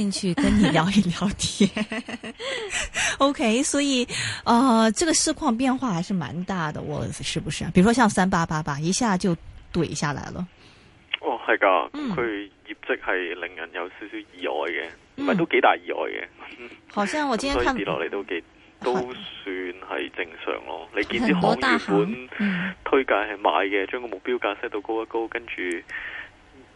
進去跟你聊一聊天 ，OK，所以，啊、呃，這個市況變化還是蠻大的，我是不是啊？比如說像三八八八一下就懟下來了。哦，係噶，佢、嗯、業績係令人有少少意外嘅，唔係、嗯、都幾大意外嘅。嗯、 好像我今天看跌落嚟都幾都算係正常咯。你見啲好大股推介係買嘅，將個目標價 set 到高一高，跟住。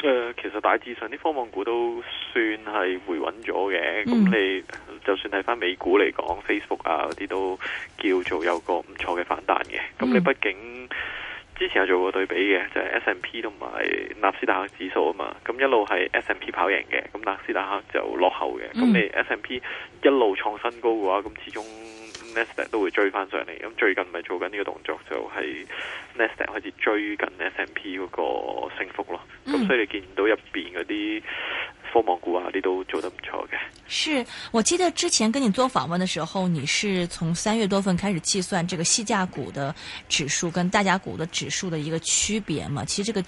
誒、呃，其實大致上啲科網股都算係回穩咗嘅。咁、嗯、你就算睇翻美股嚟講 ，Facebook 啊嗰啲都叫做有個唔錯嘅反彈嘅。咁、嗯、你畢竟之前有做過對比嘅，就係、是、S&P 同埋納斯達克指數啊嘛。咁一路係 S&P 跑贏嘅，咁納斯達克就落後嘅。咁、嗯、你 S&P 一路創新高嘅話，咁始終。Nasdaq 都會追翻上嚟，咁最近咪做緊呢個動作，就係、是、Nasdaq 開始追緊 S&P 嗰個升幅咯。咁、嗯、所以你見到入邊嗰啲科網股啊啲都做得唔錯嘅。是我記得之前跟你做訪問的時候，你是從三月多份開始計算這個細價股的指數跟大家股的指數的一個區別嘛？其實這個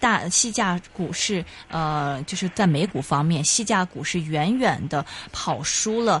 大細價股是，呃，就是在美股方面，細價股是遠遠的跑輸了。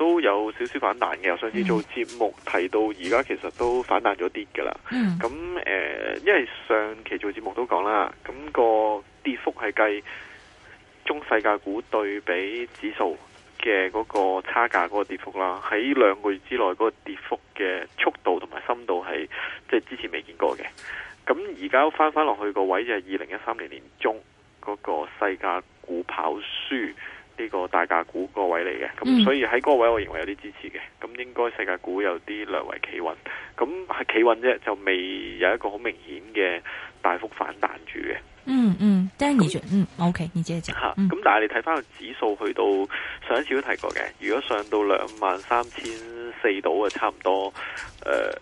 都有少少反彈嘅，我上次做節目提到，而家其實都反彈咗啲嘅啦。咁誒、mm hmm. 呃，因為上期做節目都講啦，咁、個跌幅係計中世界股對比指數嘅嗰個差價嗰個跌幅啦，喺兩個月之內嗰個跌幅嘅速度同埋深度係即係之前未見過嘅。咁而家翻翻落去個位就係二零一三年年中嗰、個世界股跑輸。呢個大價股個位嚟嘅，咁所以喺嗰個位，我認為有啲支持嘅。咁應該世界股有啲略為企穩，咁係企穩啫，就未有一個好明顯嘅大幅反彈住嘅。嗯那嗯，低、okay，住嗯，OK，理解咗。嚇、啊，咁但係你睇翻個指數去到上一次都提過嘅，如果上到兩萬三千四度啊，就差唔多誒、呃、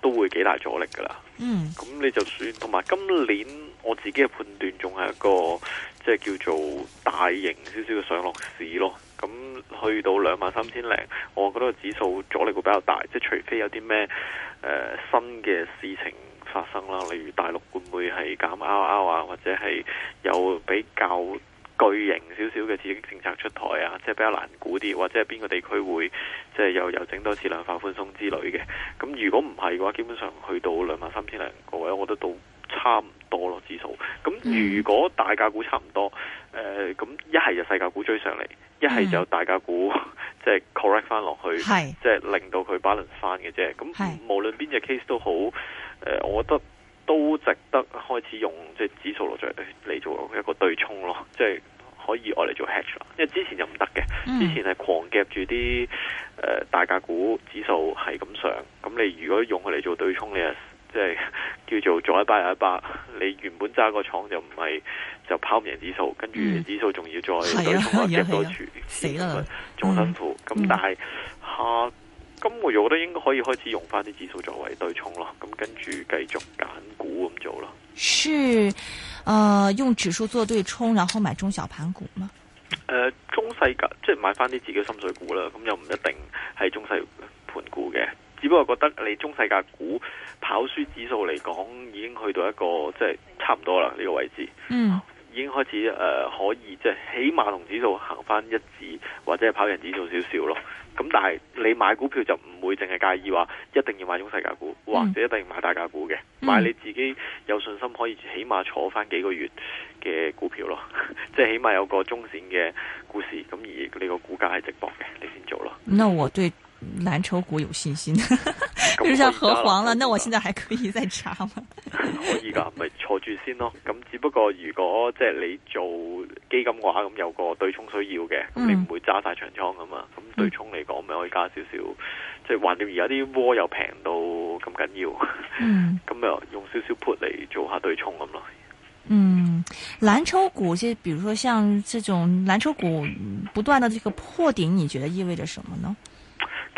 都會幾大阻力㗎啦。嗯，咁你就算同埋今年。我自己嘅判斷仲係一個即係叫做大型少少嘅上落市咯。咁去到兩萬三千零，我覺得個指數阻力會比較大。即係除非有啲咩誒新嘅事情發生啦，例如大陸會唔會係減 r r 啊，或者係有比較巨型少少嘅刺激政策出台啊，即係比較難估啲，或者係邊個地區會即係又又整多次量化寬鬆之類嘅。咁如果唔係嘅話，基本上去到兩萬三千零個位，我覺得都，差唔多咯，指數，咁如果大價股差唔多，誒咁一係就細價股追上嚟，一係、嗯、就大價股即係、就是、correct 翻落去，即係是令到佢 balance 翻嘅啫。咁是無論邊隻 case 都好，誒、呃，我覺得都值得開始用即係、就是、指數落嚟嚟做一個對沖咯，即、就、係、是、可以用嚟做 hedge 啦。因為之前就唔得嘅，之前係狂夾住啲誒大價股指數係咁上，咁你如果用佢嚟做對沖你啊～即係叫做做一巴又一巴，你原本揸個倉就唔係就跑唔贏指數，跟住指數仲要再對沖，夾多處死啦了，仲辛苦。咁、嗯嗯、但係下今個月我覺得應該可以開始用翻啲指數作為對沖咯，咁跟住繼續揀股咁做咯。是，誒、呃、用指數做對沖，然後買中小盤股嗎？誒、呃，中細即係買翻啲自己的心水股啦，咁又唔一定係中細盤股嘅。只不過覺得你中細價股跑輸指數嚟講，已經去到一個即係差唔多啦呢、這個位置。嗯，已經開始誒、呃、可以即係起碼同指數行翻一指或者係跑贏指數少，少少咯。咁但係你買股票就唔會淨係介意話一定要買中細價股或者一定要買大價股嘅，買、嗯、你自己有信心可以起碼坐翻幾個月嘅股票咯，即係起碼有個中綫嘅故事咁，而你個股價係值博嘅，你先做咯。那我對藍籌股有信心，嗯、 就是像和黃了、啊，嗯、那我現在還可以再揸嗎？可以噶，咪 坐住先咯。咁只不過，如果即係你做基金嘅話，咁有個對衝需要嘅，你唔會揸晒長倉噶嘛。咁對衝嚟講，咪可以加少少，即係還掂。而家啲窩又平到咁緊要，咁咪用少少 put 嚟做下對衝咁咯。嗯，嗯，藍籌股，即係比如說像這種藍籌股不斷的這個破頂，你覺得意味着什麼呢？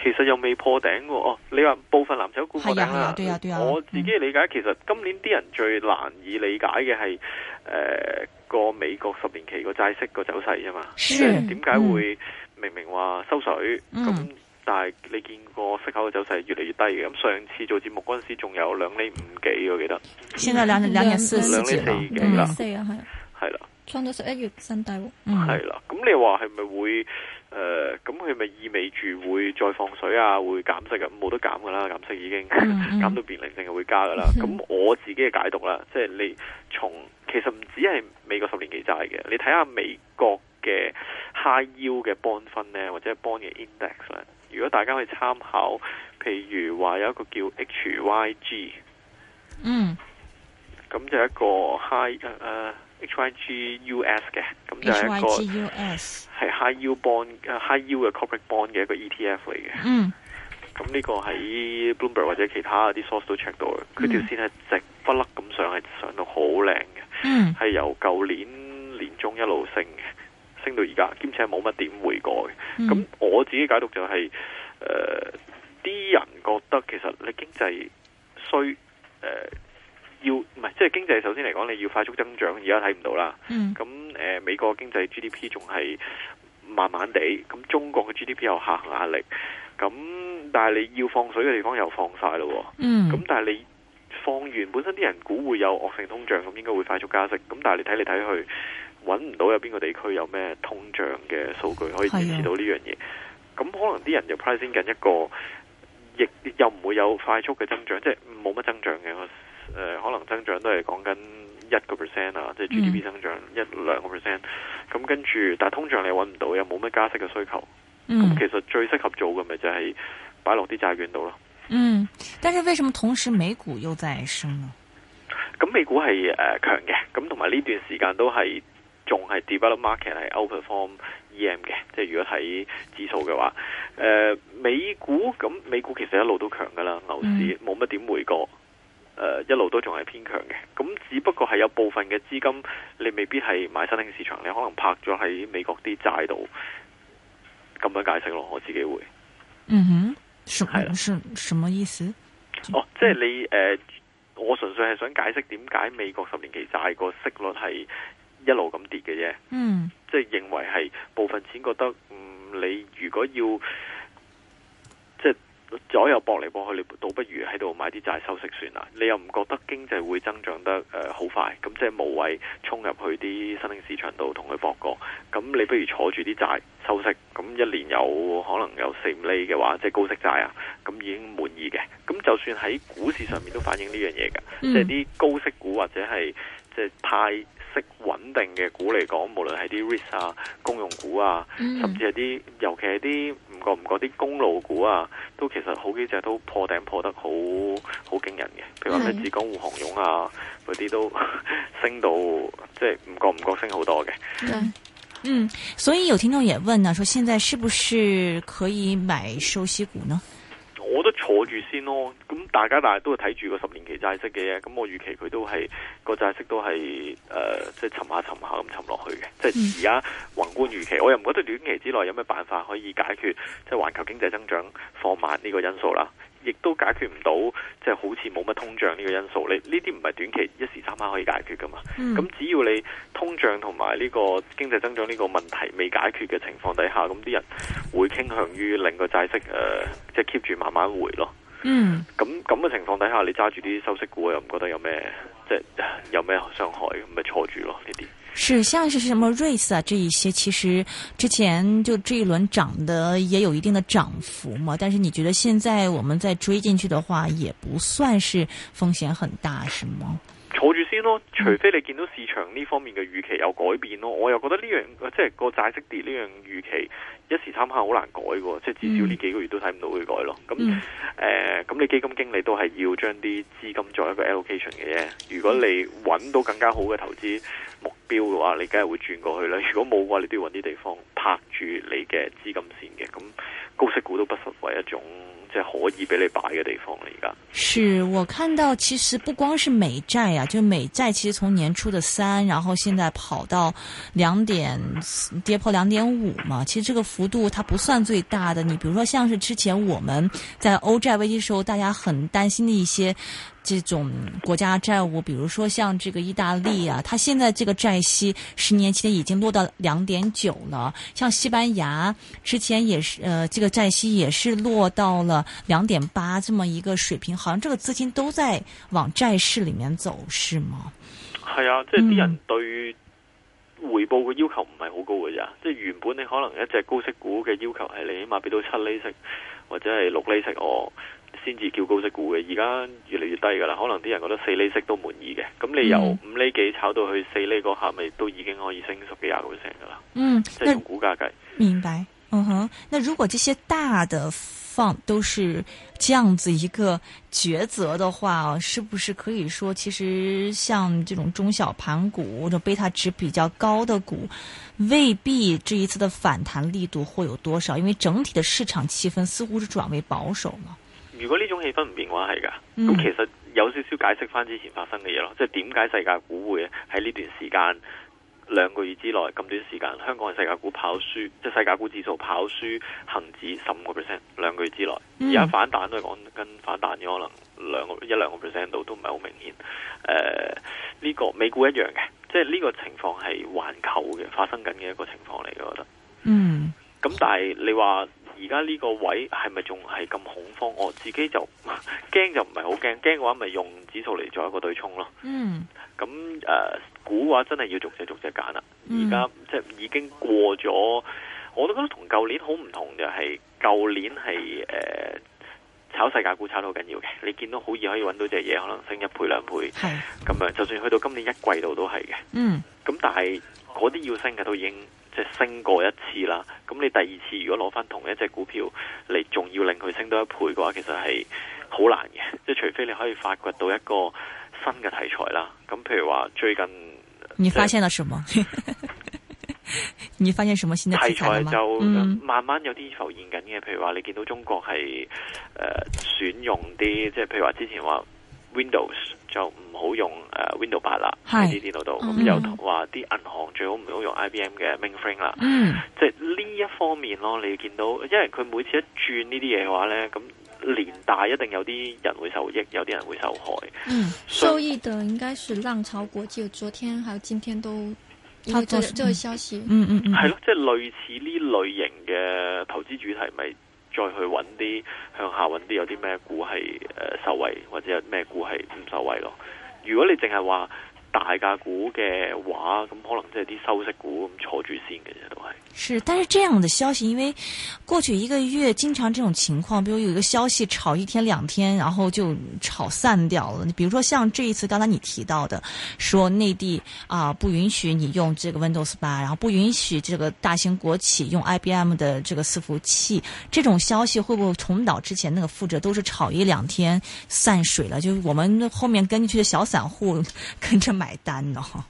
其實又未破頂㗎哦！你話部分藍籌股破頂啊，對啊，對啊！我自己理解，其實今年啲人最難以理解嘅係，誒個美國十年期個債息個走勢啊嘛。點解會明明話收水，咁但係你見過息口嘅走勢越嚟越低嘅？咁上次做節目嗰陣時，仲有兩厘五幾我記得。現在兩兩厘四，兩厘四幾啦？四啊，係啊，係啦，創咗十一月新低。係啦，咁你話係咪會？誒咁佢咪意味住會再放水啊？會減息嘅，冇得減㗎啦，減息已經減、mm hmm. 到變零，性，係會加㗎啦。咁我自己嘅解讀啦，即係你從其實唔只係美國十年幾債嘅，你睇下美國嘅 High 腰嘅 b 分呢，或者 b 嘅 Index 咧，如果大家可以參考，譬如話有一個叫 HYG，嗯、mm，咁、hmm. 就一個 High uh, uh, HYGUS 嘅，咁就係一個係 High Yield Bond，High Yield Corporate Bond 嘅一個 ETF 嚟嘅。嗯，咁呢個喺 Bloomberg 或者其他啲 source 都 check 到嘅，佢條、mm. 線係直不甩咁上，係上到好靚嘅。嗯，係由舊年年中一路升嘅，升到現在，而家，兼且冇乜點回過嘅。咁、mm. 我自己解讀就係、是，誒、呃，啲人覺得其實你經濟衰，誒、呃。要唔係即係經濟？首先嚟講，你要快速增長，而家睇唔到啦。嗯。咁，誒、呃，美國經濟 GDP 仲係慢慢地，咁中國嘅 GDP 又下行壓力。咁但係你要放水嘅地方又放晒咯。嗯。咁但係你放完，本身啲人估會有惡性通脹，咁應該會快速加息。咁但係你睇嚟睇去，搵唔到有邊個地區有咩通脹嘅數據可以支持到呢樣嘢。咁的可能啲人又 pricing 緊一個，亦又唔會有快速嘅增長，即係冇乜增長嘅。誒、呃，可能增長都係講緊一個 percent 啊，即係 GDP 增長一兩個 percent，咁跟住，但係通脹你又搵唔到，又冇乜加息嘅需求，咁、嗯、其實最適合做嘅咪就係擺落啲債券度咯。嗯，但是為什麼同時美股又再升呢？咁美股係誒、呃、強嘅，咁同埋呢段時間都係仲係 develop market 係 outperform EM 嘅，即係如果睇指數嘅話，誒、呃、美股咁美股其實一路都強噶啦，牛市冇乜點回過。嗯呃，一路都仲係偏強嘅，咁只不過係有部分嘅資金你未必係買新興市場，你可能拍咗喺美國啲債度，咁樣解釋咯，我自己會。嗯哼，屬係啦，屬的什麼意思？哦，即係你誒，呃，我純粹係想解釋點解美國十年期債個息率係一路咁跌嘅啫。嗯，即係認為係部分錢覺得，嗯，你如果要即係左右搏嚟搏去，你倒不如係。買啲債收息算啦，你又唔覺得經濟會增長得誒好、呃、快？咁即係無謂衝入去啲新興市場度同佢搏過。咁你不如坐住啲債收息，咁一年有可能有四五厘嘅話，即係高息債啊，咁已經滿意嘅。咁就算喺股市上面都反映呢樣嘢嘅，即係啲高息股或者係即係派息穩定嘅股嚟講，無論係啲 REIT 啊、公用股啊，嗯、甚至係啲，尤其係啲。覺唔覺啲公路股啊，都其實好幾隻都破頂破得好好驚人嘅，譬如話咩浙江滬杭甬啊嗰啲都呵呵升到即係唔覺唔覺升好多嘅。Okay. 嗯，所以有聽眾也問啊，說現在是不是可以買收息股呢？我都坐住先咯，咁大家大係都係睇住個十年期債息嘅，咁我預期佢都係個債息都係誒，即係沉,沉,沉,沉,沉,沉下沉下咁沉落去嘅。即係而家宏觀預期，我又唔覺得短期之內有咩辦法可以解決即係環球經濟增長放慢呢個因素啦。亦都解決唔到，即係好似冇乜通脹呢個因素。你呢啲唔係短期一時三刻可以解決噶嘛？咁，嗯，只要你通脹同埋呢個經濟增長呢個問題未解決嘅情況底下，咁啲人會傾向於令個債息誒，即係 keep 住慢慢回咯。嗯，咁咁嘅情況底下，你揸住啲收息股又唔覺得有咩，即係有咩傷害，咁咪坐住咯？呢啲。是，像是什麼 Race 啊，這一些其實之前就這一輪漲的也有一定的漲幅嘛。但是你覺得現在我們再追進去的話，也不算是風險很大，是嗎？坐住先咯，除非你見到市場呢方面嘅預期有改變咯。我又覺得呢樣即係個債息跌呢樣預期一時三刻好難改嘅，即係至少呢幾個月都睇唔到佢改咯。咁誒，咁你基金經理都係要將啲資金做一個 allocation 嘅啫。如果你搵到更加好嘅投資。目標嘅話，你梗係會轉過去啦。如果冇嘅話，你都要揾啲地方拍住你嘅資金線嘅。咁高息股都不失為一種即係、就是、可以俾你擺嘅地方啦。而家是我看到，其實不光是美債啊，就美債其實從年初的三，然後現在跑到兩點，跌破兩點五嘛。其實這個幅度它不算最大的。你比如說，像是之前我們在歐債危機時候，大家很擔心的一些。這種國家債務，比如說像這個意大利啊，它現在這個債息十年期已經落到兩點九了。像西班牙之前也是，呃，這個債息也是落到了兩點八這麼一個水平。好像這個資金都在往債市裏面走，是嗎？係啊，即係啲人對回報嘅要求唔係好高嘅啫。即係、嗯、原本你可能一隻高息股嘅要求係你起碼俾到七厘息或者係六厘息我。哦先至叫高息股嘅，而家越嚟越低噶啦。可能啲人覺得四厘息都滿意嘅，咁、嗯、你由五厘幾炒到去四厘嗰下，咪都已經可以升十幾廿個成噶啦。嗯，即係從股價計。明白，嗯哼。那如果這些大的放都是這樣子一個抉擇的話，是不是可以說，其實像這種中小盤股或者貝塔值比較高的股，未必這一次的反彈力度會有多少？因為整體的市場氣氛似乎是轉為保守了。如果呢種氣氛唔變嘅話係噶，咁其實有少少解釋翻之前發生嘅嘢咯，即係點解世界股會喺呢段時間兩個月之內咁短時間，香港嘅世界股跑輸，即係世界股指數跑輸恒指十五個 percent，兩個月之內，而家反彈都係講跟反彈，可能兩個一兩個 percent 度都唔係好明顯。誒，呢個美股是一樣嘅，即係呢個情況係環球嘅發生緊嘅一個情況嚟嘅，我覺得。嗯是。咁但係你話。而家呢個位係咪仲係咁恐慌？我自己就驚就唔係好驚，驚嘅話咪用指數嚟做一個對沖咯。嗯，咁、呃、股嘅話真係要逐隻逐隻揀啦。而家、嗯、即係已經過咗，我都覺得同舊年好唔同就係，舊年係誒。炒世界股炒得好緊要嘅，你見到好易可以揾到隻嘢，可能升一倍兩倍，咁是樣。就算去到今年一季度都係嘅，嗯。咁但係嗰啲要升嘅都已經即係、就是、升過一次啦。咁你第二次如果攞翻同一隻股票嚟，你仲要令佢升多一倍嘅話，其實係好難嘅。即、就、係、是、除非你可以發掘到一個新嘅題材啦。咁譬如話最近，你發現了什麼？就是 你發現什麼新的材題材嗎？嗯、慢慢有啲浮現緊嘅，譬如話你見到中國係誒、呃、選用啲，即係譬如話之前話 Wind、呃、Windows 就唔好用誒 Windows 八啦，喺啲電腦度，咁、嗯、又話啲銀行最好唔好用 IBM 嘅 Mainframe 啦。即係呢一方面咯，你見到因為佢每次一轉呢啲嘢嘅話咧，咁連帶一定有啲人會受益，有啲人會受害。受、嗯、受益的應該是浪潮國際，昨天還有今天都。炒作呢個消息，啊，嗯嗯嗯，係、嗯、咯，即、嗯、係、嗯就是，類似呢類型嘅投資主題，咪再去揾啲向下揾啲有啲咩股係誒受惠，或者有咩股係唔受惠咯。如果你淨係話。大家股嘅話，咁可能即係啲收息股咁坐住先嘅啫，都係。是，但是這樣的消息，因爲過去一個月經常這種情況，比如有一個消息炒一天兩天，然後就炒散掉了。比如說像這一次剛才你提到的，說內地啊、呃、不允許你用這個 Windows 八，然後不允許這個大型國企用 IBM 的這個伺服器，這種消息會不會重蹈之前那個覆轍，都是炒一兩天散水了？就我們後面跟進去的小散戶跟着。埋單咯、哦，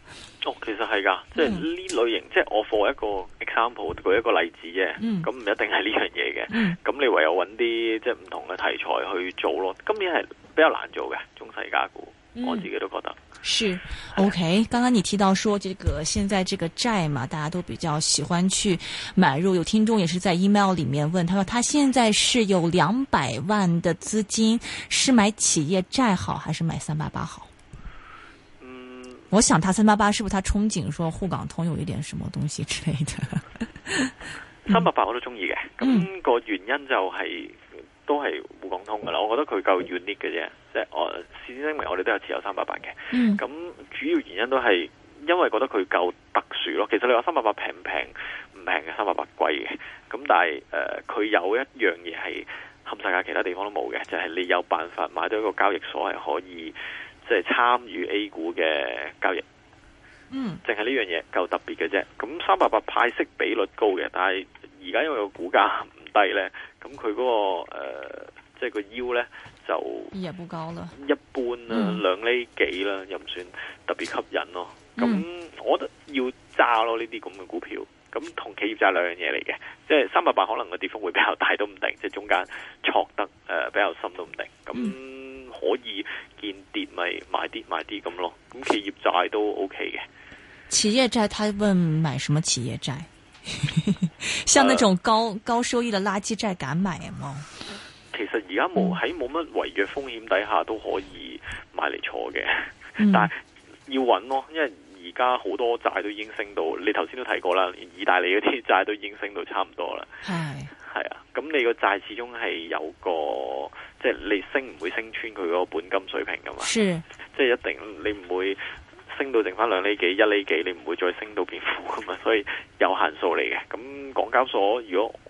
哦，其實係噶，即係呢類型，即係我放一個 example 舉一個例子啫。咁唔、嗯、一定係呢樣嘢嘅，咁、嗯、你唯有揾啲即係唔同嘅題材去做咯。今年係比較難做嘅中細價股，嗯、我自己都覺得。是，是，OK，剛剛你提到說，這個現在這個債嘛，大家都比較喜歡去買入。有聽眾也是在 email 裏面問他，他說，他現在是有兩百萬的資金，是買企業債好，還是買三八八好？我想，他三八八是不是他憧憬說滬港通有一點什麼東西之類的？三八八我都中意嘅，咁、那個原因就係、是嗯、都係滬港通噶啦，我覺得佢夠遠啲嘅啫，即、就、係、是、我事先聲明我哋都有持有三八八嘅，咁、嗯、主要原因都係因為覺得佢夠特殊咯。其實你話三八八平唔平唔平嘅，三八八貴嘅，咁但係誒佢有一樣嘢係冚世界其他地方都冇嘅，就係、是、你有辦法買到一個交易所係可以。即係參與 A 股嘅交易，嗯，淨係呢樣嘢夠特別嘅啫。咁三百八派息比率高嘅，但係而家因為股價唔那，那個股價唔低咧，咁佢嗰個誒，即係個腰咧就高啦，啊，一般啦，兩厘幾啦，啊，又唔算特別吸引咯。咁我覺得要揸咯呢啲咁嘅股票。咁同企業債兩樣嘢嚟嘅，即係三百八可能個跌幅會比較大都唔定，即係中間挫得誒比較深都唔定。咁可以見跌咪買啲買啲咁咯，咁企業債都 OK 嘅。企業債、OK，業債，他問買什麼企業債？ 像那種高、呃、高收益的垃圾債，敢買嗎？其實而家冇喺冇乜違約風險底下都可以買嚟坐嘅，嗯、但係要穩咯，因為。而家好多債都已經升到，你頭先都睇過啦。意大利嗰啲債都已經升到差唔多啦。係係啊，咁你個債始終係有個，即係你升唔會升穿佢個本金水平噶嘛？係，即係一定你唔會升到剩翻兩厘幾、一厘幾，你唔會再升到變負噶嘛？所以有限數嚟嘅。咁港交所如果，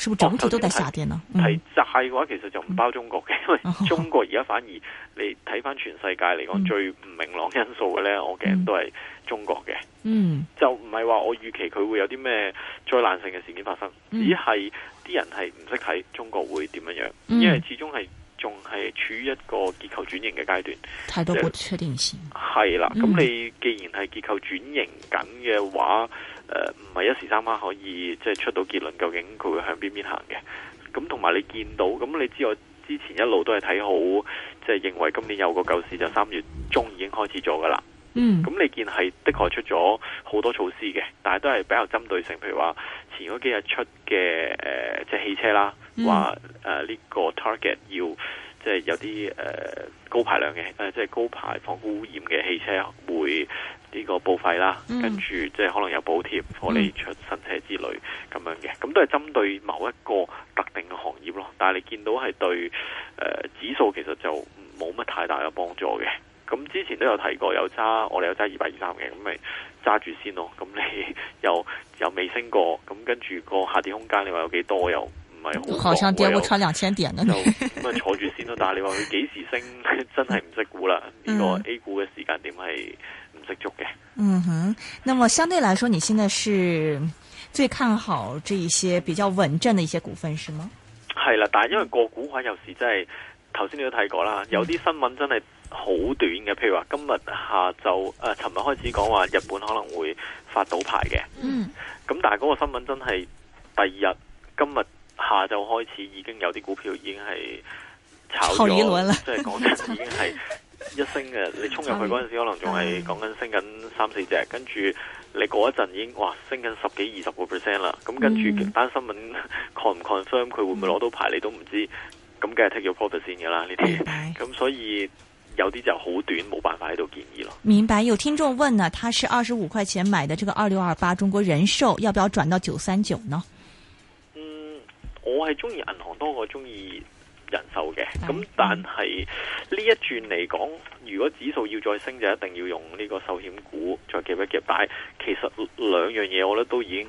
是不是整體都在下跌呢？係債嘅話，其實就唔包中國嘅，嗯、因為中國而家反而、嗯、你睇翻全世界嚟講、嗯、最唔明朗因素嘅呢我驚都係中國嘅。嗯，就唔係話我預期佢會有啲咩災難性嘅事件發生，嗯、只係啲人係唔識睇中國會點樣樣，嗯、因為始終係仲係處於一個結構轉型嘅階段，太多不確定性。係啦就，咁、嗯、你既然係結構轉型緊嘅話。誒，唔係、呃、一時三刻可以即係、就是、出到結論，究竟佢會向邊邊行嘅？咁同埋你見到，咁你知我之前一路都係睇好，即、就、係、是、認為今年有個舊市就三月中已經開始做噶啦。嗯，咁你見係的確出咗好多措施嘅，但係都係比較針對性，譬如話前嗰幾日出嘅誒，即、呃、係、就是、汽車啦，話誒呢個 target 要即係、就是、有啲誒、呃、高排量嘅，即、呃、係、就是、高排放污染嘅汽車會。呢個報廢啦，嗯、跟住即係可能有補貼，我哋出新車之類咁樣嘅，咁都係針對某一個特定嘅行業咯。但係你見到係對誒、呃、指數其實就冇乜太大嘅幫助嘅。咁之前都有提過有，有揸我哋有揸二百二三嘅，咁咪揸住先咯。咁你又又未升過，咁跟住個下跌空間你多多，你話有幾多又唔係好？我好像跌過差兩千點嘅，咁啊又 坐住先咯。但係你話佢幾時升，真係唔識估啦。呢、嗯、個 A 股嘅時間點係。立嘅，嗯哼，那麼相對來說，你現在是最看好這一些比較穩陣的一些股份是嗎？係啦，但係因為個股份有時真係，頭先你都睇過啦，有啲新聞真係好短嘅，嗯、譬如話今日下晝誒、呃、尋日開始講話日本可能會發賭牌嘅，嗯，咁但係嗰個新聞真係第二日今日下晝開始已經有啲股票已經係炒咗輪啦，即係講緊已經係。 一升嘅，你衝入去嗰陣時，可能仲係講緊升緊三四隻，嗯、跟住你過一陣已經，哇，升緊十幾二十個 percent 啦。咁、嗯、跟住單新聞 confirm confirm 佢會唔會攞到牌，你都唔知。咁梗係 take your profit 先噶啦呢啲。咁白、嗯、所以有啲就好短，冇辦法喺度建議咯。明白。有聽眾問呢，他是二十五塊錢買的這個二六二八中國人壽，要不要轉到九三九呢？嗯，我係中意銀行多過中意。我喜歡人壽嘅，咁但係呢一轉嚟講，如果指數要再升，就一定要用呢個壽險股再夾一夾，其實兩樣嘢，我覺得都已經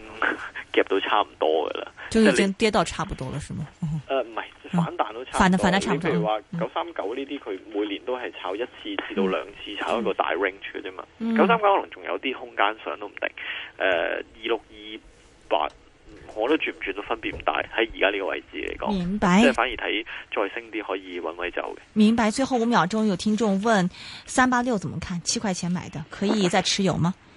夾到差唔多噶啦，就已經跌到差唔多啦，係咪？誒唔係，反彈都差唔多。譬、嗯、如話九三九呢啲，佢、嗯、每年都係炒一次至到兩次，炒一個大 range 嘅啫嘛。九三九可能仲有啲空間上都唔定。誒，二六二八。我都轉唔轉都分別唔大，喺而家呢個位置嚟講，明白。即係反而睇再升啲可以搵位走嘅。明白。最後五秒鐘有聽眾問：三八六怎麼看？七塊錢買的可以再持有嗎？